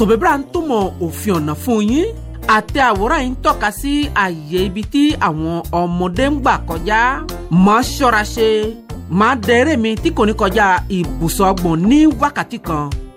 sòbébìrà ń túmọ̀ òfin ọ̀nà fún yín àti àwòrán yìí ń tọ́ka sí àyè ibi tí àwọn ọmọdé ń gbà kọjá má ṣọ́ra ṣe má dẹrẹ́ mi tí kò ní kọjá ibùsọ̀ ọgbọ̀n ní wákàtí kan